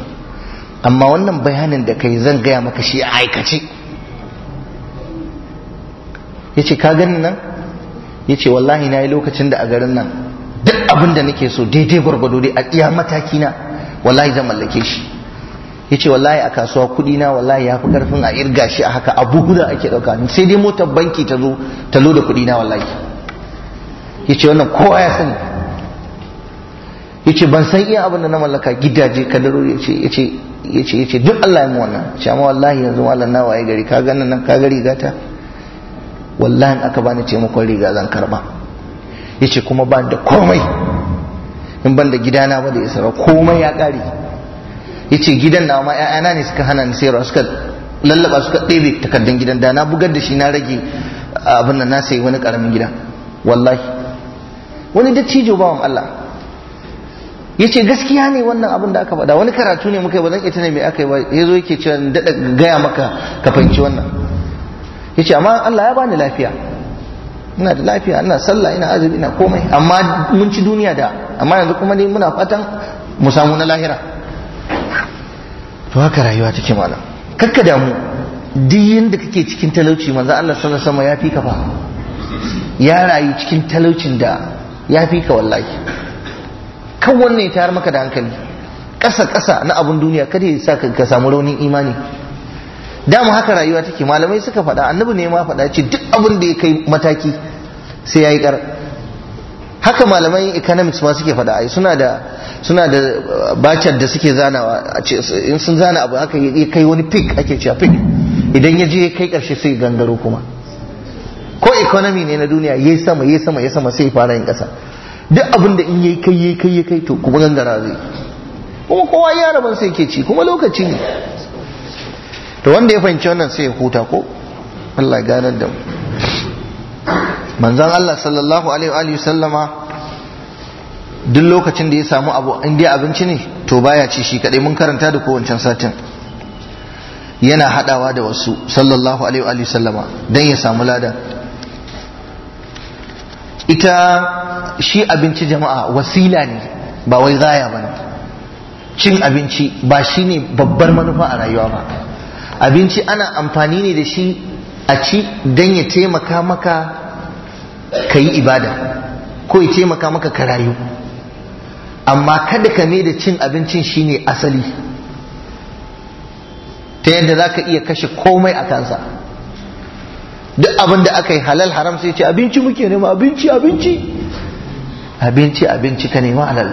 amma wannan bayanin da kai zan gaya maka shi a aikace ya ce ka ganin nan ya ce wallahi na yi lokacin da a garin nan duk abin da nake so daidai gwargwado dai a iya mataki na wallahi zan mallake shi yace wallahi a kasuwa kudi na wallahi ya fi karfin a irga shi a haka abu guda ake dauka sai dai motar banki ta zo ta loda kudi na wallahi yace wannan kowa ya sani yace ban san iya abin da na mallaka gidaje kadarori yace ce ya ce duk Allah ya mu wannan yace amma wallahi yanzu mallan na waye gari ka ganin nan ka ga riga ta wallahi aka bani taimakon riga zan karba yace kuma ban da komai in ban da gidana ba da isra komai ya kare yace gidan na ma ƴaƴana ne suka hana ni sayarwa suka lallaba suka ɗebe takardun gidan da na bugar da shi na rage abin nan na sayi wani karamin gida wallahi wani dattijo bawan Allah yace gaskiya ne wannan abin da aka faɗa wani karatu ne muka yi ba zan ita ne mai aka yi ba yazo yake cewa daɗa gaya maka ka fahimci wannan yace amma Allah ya bani lafiya ina da lafiya ina sallah ina azumi ina komai amma mun ci duniya da amma yanzu kuma ne muna fatan mu samu na lahira to haka rayuwa take malam kakka damu duk yanda kake cikin talauci manzo Allah sallallahu alaihi ya fi ka ya rayu cikin talaucin da ya fi ka wallahi kan wannan ya tayar maka da hankali kasa kasa na abun duniya kada ya sa ka samu raunin imani dama haka rayuwa take malamai suka faɗa annabi ne ma faɗa ce duk abun da ya kai mataki sai ya yi haka malamai economics ma suke faɗa ai suna da suna da bacar da suke zanawa in sun zana abu haka ya kai wani pik ake cewa pik idan ya je ya kai karshe sai gangaro kuma ko economy ne na duniya yayi sama yayi sama yayi sama sai fara yin kasa duk abin da in yayi kai yayi kai yayi kai to kuma gangara zai kuma kowa ya rabon sai ke ci kuma lokaci ne to wanda ya fahimci wannan sai ya huta ko Allah ya ganar da mu manzon Allah sallallahu alaihi wa sallama duk lokacin da ya samu abu in abinci ne to baya ci shi kadai mun karanta da kowancan satin yana hadawa da wasu sallallahu alaihi wa sallama dan ya samu ladan ita shi abinci jama'a wasila ne ba wai zaya ba ne cin abinci ba shi ne babbar manufa a rayuwa ba abinci ana amfani ne da shi a ci dan ya taimaka maka ka yi ibada ko ya taimaka maka ka rayu amma kada ka mai da cin abincin shine asali ta yadda za ka iya kashe komai a kansa duk abin da aka yi halal haram sai ce abinci muke nema abinci abinci abinci abinci ka nema halal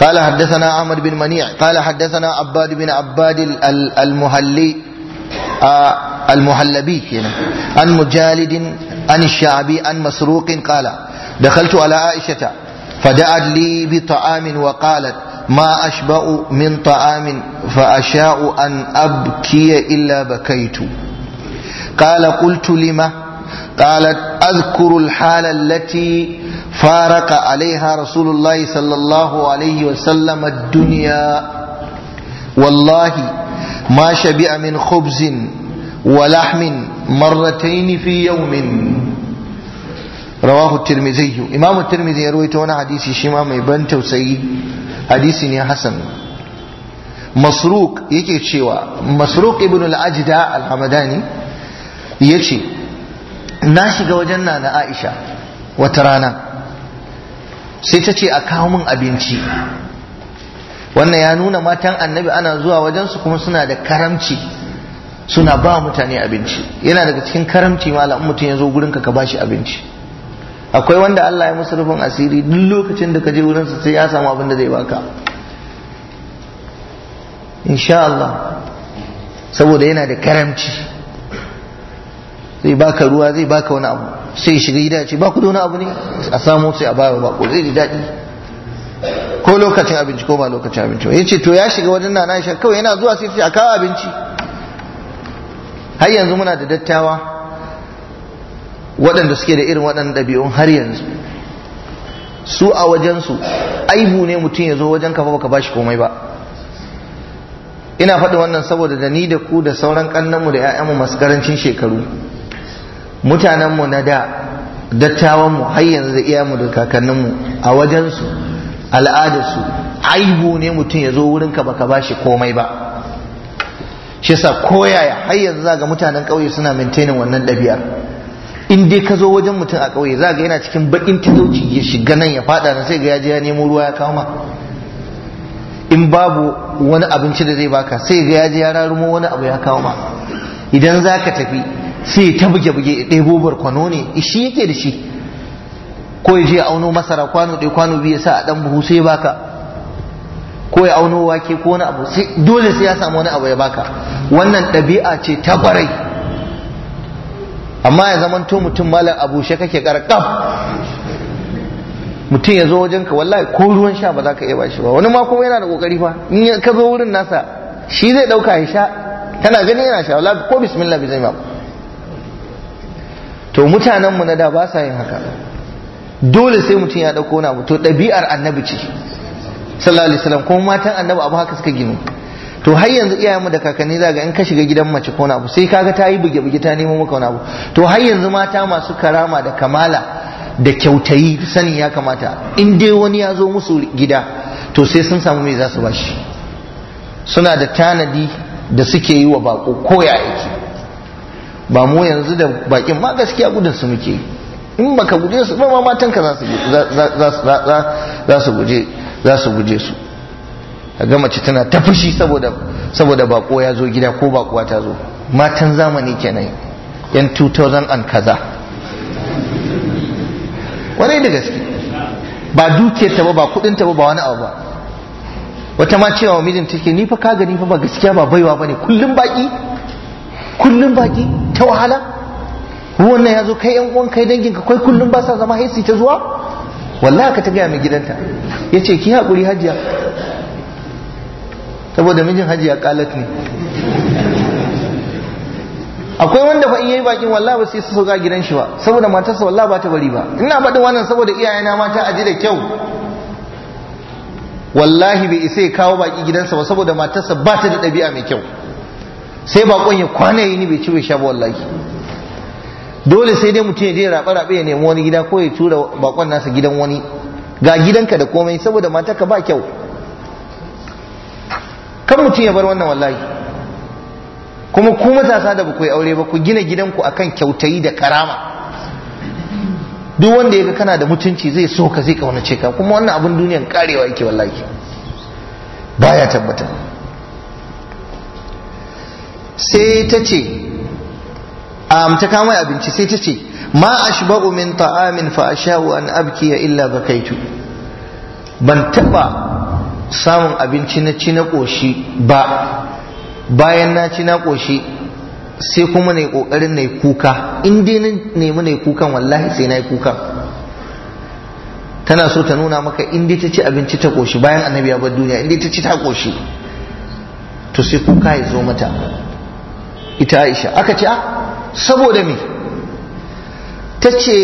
قال حدثنا عمرو بن منيع قال حدثنا عباد بن عباد المهلي المهلبي يعني عن مجالد عن الشعبي عن مسروق قال دخلت على عائشة فدعت لي بطعام وقالت ما أشبع من طعام فأشاء أن أبكي إلا بكيت قال قلت لم قالت أذكر الحالة التي فارق عليها رسول الله صلى الله عليه وسلم الدنيا والله ما شبع من خبز ولحم مرتين في يوم rawahu tirmidhi imam tirmidhi ya rawaito wani hadisi shi ma mai ban tausayi hadisi ne hasan masruq yake cewa masruq ibn al-ajda al-hamadani yace na shiga wajen nana aisha wata rana sai ta ce a kawo min abinci wannan ya nuna matan annabi ana zuwa wajen su kuma suna da karamci suna ba mutane abinci yana daga cikin karamci malam mutum ya zo gurinka ka bashi abinci akwai wanda Allah ya musu rufin asiri duk lokacin da ka je wurinsa sai ya samu abin da zai baka insha Allah saboda yana da karamci zai baka ruwa zai baka wani abu sai shiga gida ce ba ku da wani abu ne a samu sai a bawa bako zai ji daɗi ko lokacin abinci ko ba lokacin abinci ba yace to ya shiga wajen nana shi kawai yana zuwa sai a kawo abinci har yanzu muna da dattawa waɗanda suke da irin waɗanda ɗabi'un har yanzu su a wajensu aihu ne mutum ya zo wajen ka baka bashi komai ba ina faɗi wannan saboda da ni da ku da sauran ƙannanmu da 'ya'yanmu masu karancin shekaru mutanenmu na da dattawanmu har yanzu da iyamu da kakanninmu a wajensu al'adarsu aihu ne mutum ya zo wurin ka baka bashi komai ba shi sa koyaya har yanzu za ga mutanen ƙauye suna maintainin wannan ɗabi'ar in dai ka zo wajen mutum a ƙauye za ga yana cikin baƙin talauci ya shiga nan ya faɗa na sai ga ya ya nemo ruwa ya kawo ma in babu wani abinci da zai baka sai ga yaje ya rarumo wani abu ya kawo ma idan za ka tafi sai ta buge-buge ɗebo kwano ne shi yake da shi ko ya je auno masara kwano ɗaya kwano biyu sa a ɗan buhu sai baka ko ya auno wake ko wani abu dole sai ya samu wani abu ya baka wannan ɗabi'a ce ta ƙwarai amma ya zamanto mutum malam abu she kake karkaf mutum ya zo wajen ka wallahi ko ruwan sha ba za ka iya ba shi ba wani ma kuma yana da kokari fa in ka zo wurin nasa shi zai dauka ya sha kana gani yana sha wallahi ko bismillah bi zai to mutanen mu na da ba sa yin haka dole sai mutum ya dauko na to ɗabi'ar annabi ce sallallahu alaihi wasallam kuma matan annabi abu haka suka gina to har yanzu iyayenmu da kakanni za ga in ka shiga gidan mace ko abu sai kaga ta yi buge buge ta nemo maka wani abu to har yanzu mata masu karama da kamala da kyautayi sanin ya kamata in dai wani ya zo musu gida to sai sun samu mai za su bashi suna da tanadi da suke yi wa bako ko ya yake ba mu yanzu da bakin ma gaskiya gudun su muke in baka guje su ba ma matanka za su guje su ga mace tana ta fushi saboda saboda bako ya zo gida ko bakuwa ta zo matan zamani kenan yan 2000 an kaza wani da gaske ba dukiyarta ta ba ba kudin ta ba ba wani abu ba wata ma cewa wa mijin take ni fa ka gani fa ba gaskiya ba baiwa bane kullun baki kullun baki ta wahala ruwan nan ya zo kai yan uwan kai dangin ka kai kullun ba sa zama haisi ta zuwa wallahi ka ta gaya mai gidanta yace ki hakuri hajiya saboda mijin ya kalat ne akwai wanda fa in yayi bakin wallahi ba sai su soga gidan shi ba saboda matarsa wallahi ba ta bari ba ina faɗin wannan saboda iyayena mata aji da kyau wallahi bai isa ya kawo baki gidansa ba saboda matarsa ba ta da ɗabi'a mai kyau sai bakon ya kwana yi ni bai ci bai sha ba wallahi dole sai dai mutum ya je rabe rabe ya nemi wani gida ko ya tura bakon nasa gidan wani ga gidanka da komai saboda matarka ba kyau kan mutum ya bar wannan wallahi kuma ku matasa da bakwai aure ba ku gina gidanku akan kyautayi da karama duk wanda ya ga kana da mutunci zai so ka zai ce ka kuma wannan abin duniyan karewa yake wallahi baya tabbata sai ta ce ta kama abinci sai ta ce ma ashba'u min ta'amin fa asha'u an abkiya illa bakaitu ban taba samun abinci na ci na ƙoshi ba bayan na ci ƙoshi sai kuma na yi ƙoƙarin na yi kuka in dai na nemi na yi kukan wallahi sai na yi kukan tana so ta nuna maka in dai ta ci abinci ta ƙoshi bayan annabi ya bar duniya in dai ta ci ta ƙoshi to sai kuka ya zo mata ita aisha aka ce ah, saboda me ta ce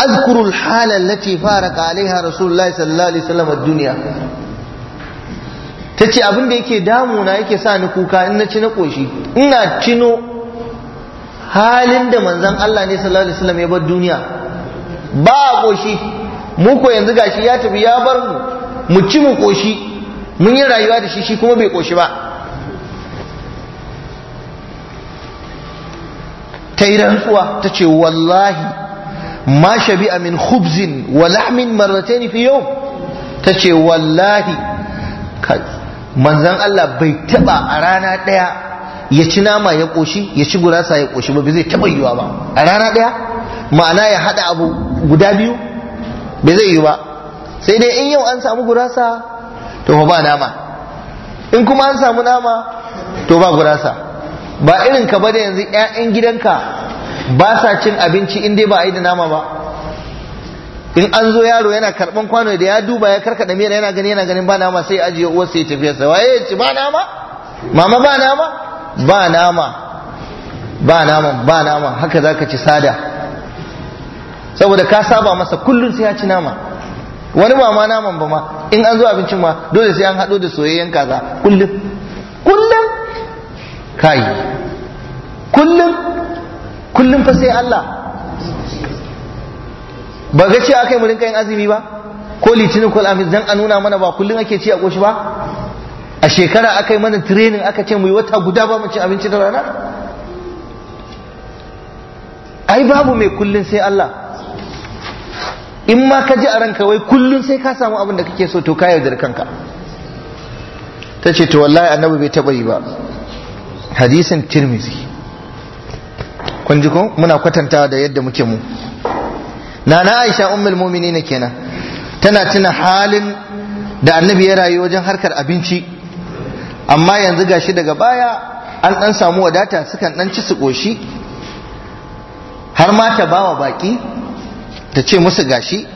أذكر الحالة التي فارق عليها رسول الله صلى الله عليه وسلم الدنيا tace abin da yake damuna yake sa ni kuka in na ci na koshi ina cino halin da manzon Allah ne sallallahu alaihi wasallam ya bar duniya ba koshi mu ko yanzu gashi ya tafi ya bar mu mu ci mu koshi mun yi rayuwa da shi shi kuma bai koshi ba ta yi rantsuwa ta ce wallahi ma shabi'a min khubzin wa lahmin marratayn fi yau tace wallahi manzon Allah bai taba a rana daya ya ci nama ya koshi ya ci gurasa ya koshi ba zai taba yiwa ba a rana daya ma'ana ya hada abu guda biyu bai zai yi ba sai dai in yau an samu gurasa to ba nama in kuma an samu nama to ba gurasa ba irin ka da yanzu 'ya'yan gidanka ba sa cin abinci in dai ba a yi da nama ba in an zo yaro yana karban kwano da ya duba ya karkada mera yana gani yana ganin ba nama sai ajiye uwar sai tafiya sa waye ci ba nama mama ba nama ba nama ba nama ba nama haka zaka ci sada saboda ka saba masa kullun sai ya ci nama wani ba ma naman ba ma in an zo abincin ma dole sai an hado da soyayyen kaza kullum kullum kai kullum kullum fa sai Allah ba ga ce akai mu rinka yin azumi ba ko litinin ko alhamis dan a nuna mana ba kullum ake ci a goshi ba a shekara akai mana training aka ce mu yi wata guda ba mu ci abinci da rana ai babu mai kullum sai Allah in ma ka ji a ranka wai kullum sai ka samu abin da kake so to ka yarda kanka ta ce to wallahi annabi bai taba yi ba hadisin tirmizi kun ji ko muna kwatanta da yadda muke mu nana aisha ummul mu'minin kenan tana tuna halin da annabi ya rayu wajen harkar abinci amma yanzu gashi daga baya an dan samu wadata sukan dan ci su koshi har ma ta bawa baki ta ce musu gashi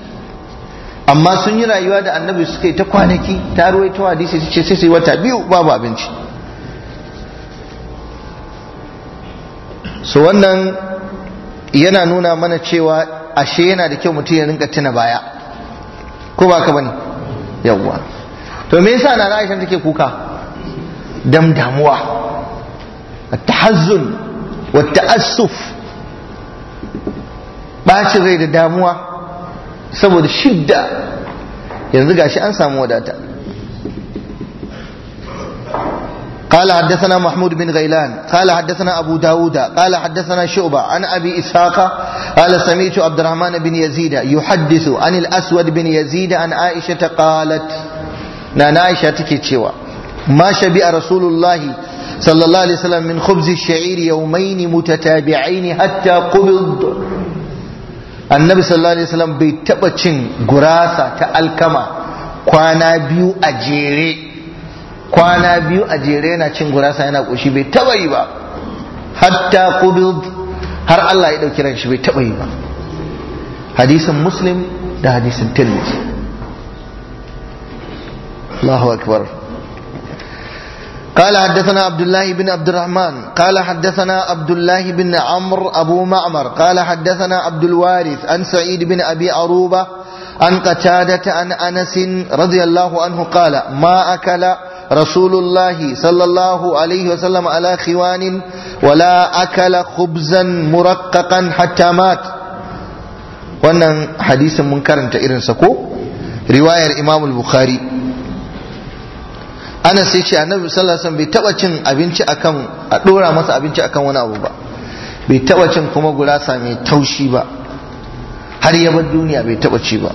amma sun yi rayuwa da annabi suka yi ta kwanaki ta ruwaito hadisi ce sai sai wata biyu babu abinci so wannan yana nuna mana cewa ashe yana da kyau mutum ya rinka tuna baya ko ba ka bane yawwa to me yasa na Aisha take kuka dam damuwa at-tahazzun wa ta'assuf bacin rai da damuwa saboda shidda yanzu gashi an samu wadata قال حدثنا محمود بن غيلان قال حدثنا أبو داود قال حدثنا شعبة عن أبي إسحاق قال سمعت عبد الرحمن بن يزيد يحدث عن الأسود بن يزيد عن عائشة قالت نانا عائشة تكيتشوا ما شبع رسول الله صلى الله عليه وسلم من خبز الشعير يومين متتابعين حتى قبض النبي صلى الله عليه وسلم بيتبتشن غراسة تألكما كوانا بيو أجيري kwana biyu a jere yana cin gurasa yana kushi bai taɓa yi ba hatta qubid har Allah ya ɗauki ran bai taɓa yi ba hadisin muslim da hadisin tirmidhi Allahu akbar قال حدثنا عبد الله بن عبد الرحمن قال حدثنا عبد الله بن عمرو أبو معمر قال حدثنا عبد الوارث عن سعيد بن أبي عروبة عن قتادة عن أنس رضي الله عنه قال ما أكل رسول الله صلى الله عليه وسلم على خوان ولا أكل خبزا مرققا حتى مات wannan hadisin mun karanta irinsa ko riwayar imam bukhari Ana ya ce annabi sallallahu alaihi bai taba cin abinci akan a dora masa abinci akan wani abu ba bai taba cin kuma gurasa mai taushi ba har ya bar duniya bai taba ci ba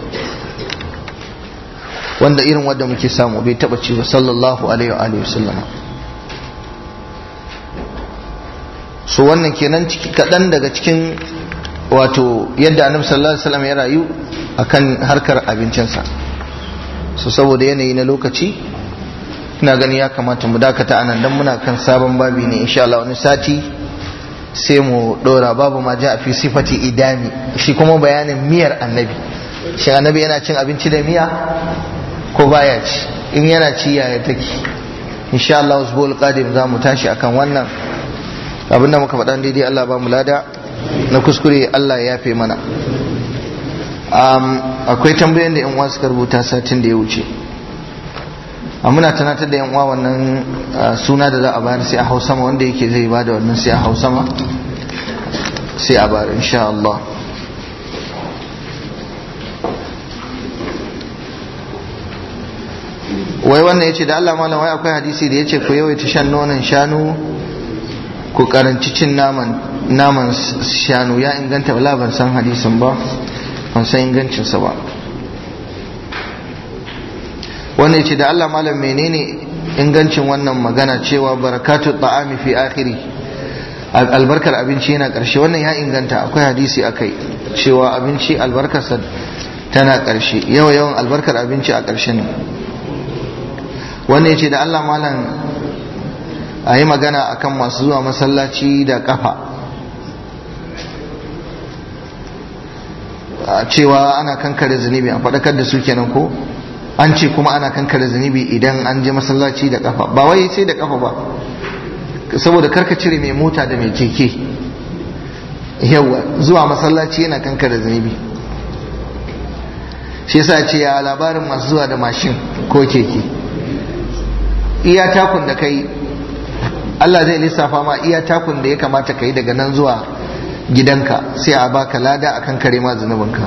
wanda irin wanda muke samu bai taba ci ba sallallahu alaihi wa alihi wasallam so wannan kenan ciki kadan daga cikin wato yadda annabi sallallahu alaihi wasallam ya rayu akan harkar abincin sa so saboda yanayi na lokaci ina gani ya kamata mu dakata anan dan muna kan sabon babi ne insha Allah wani sati sai mu dora babu ma ja fi sifati idami shi kuma bayanin miyar annabi shi annabi yana cin abinci da miya ko baya ci in yana ci yaya take insha Allah usbul qadim za mu tashi akan wannan da muka faɗa daidai Allah ba mu lada na kuskure Allah ya yafe mana akwai tambayoyin da yan uwa suka rubuta satin da ya wuce muna tunatar da yan uwa wannan suna da za a bayar sai a Hausa wanda yake zai bada wannan sai a Hausa sai a bayar insha Allah wai wannan ya ce da Allah malam wai akwai hadisi da ya ce ku yawaita shan nonon shanu ku karanci cin naman naman shanu ya inganta wala ban san hadisin ba ban san ingancinsa ba wannan ya ce da Allah malam menene ingancin wannan magana cewa barakatu ta'ami fi akhiri albarkar abinci yana karshe wannan ya inganta akwai hadisi akai cewa abinci albarkarsa tana karshe yawa yawan albarkar abinci a karshe ne wannan ya ce da Allah malam a yi magana akan masu zuwa masallaci da kafa a cewa ana kankare zunubi a faɗakar da su kenan ko an ce kuma ana kankare zunubi idan an je masallaci da kafa ba wai sai da kafa ba saboda karka cire mai mota da mai keke yawa zuwa masallaci yana kankare zunubi shi yasa ce ya labarin masu zuwa da mashin ko keke iya takun da kai Allah zai lissafa ma iya takun da ya kamata ka daga nan zuwa gidanka sai a baka lada akan kare ma zunubinka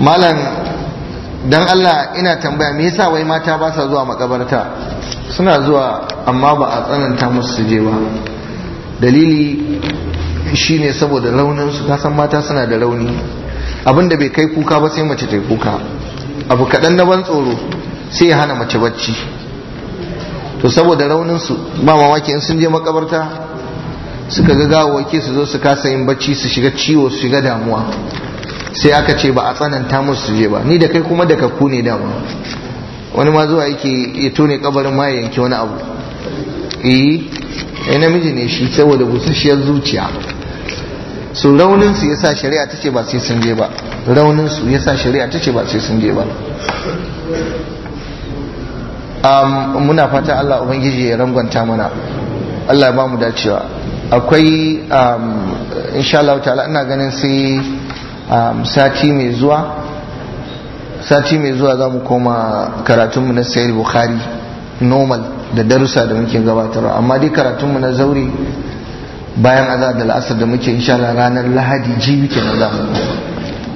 malam dan Allah ina tambaya me yasa wai mata ba sa zuwa makabarta suna zuwa amma ba a tsananta musu su je ba dalili shine saboda rauninsu su kasan mata suna da rauni abinda bai kai kuka ba sai mace ta yi kuka abu kaɗan na ban tsoro sai ya hana mace bacci to saboda rauninsu ba mamaki in sun je makabarta suka ga gawawake su zo su kasa yin bacci su shiga ciwo su shiga damuwa sai aka ce ba a tsananta musu su je ba ni da kai kuma daga ku ne dama wani ma zuwa yake ya tone kabarin ma ya yanke wani abu eh ai namiji ne shi saboda busasshiyar zuciya su raunin su yasa shari'a ta ce ba sai sun je ba raunin su yasa shari'a ta ce ba sai sun je ba um, muna fata Allah ubangiji ya rangwanta mana Allah ya ba mu dacewa akwai um, insha Allah ta'ala ina ganin sai um, sati mai zuwa sati mai zuwa za mu koma karatunmu na sayar bukhari normal da darussa da muke gabatarwa amma dai karatunmu na zauri bayan azhar da la'asar da muke insha Allah ranar lahadi jibi ke za mu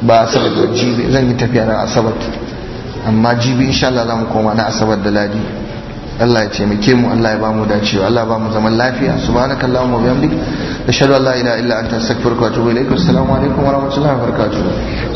ba asabar da jibi zan yi tafiya na asabar amma jibi insha Allah za mu koma na asabar da ladi Allah ya taimake mu Allah ya bamu dacewa Allah ya bamu zaman lafiya subhanakallahumma wa bihamdik ashhadu an la ilaha illa anta astaghfiruka wa atubu ilaik assalamu alaikum wa rahmatullahi wa barakatuh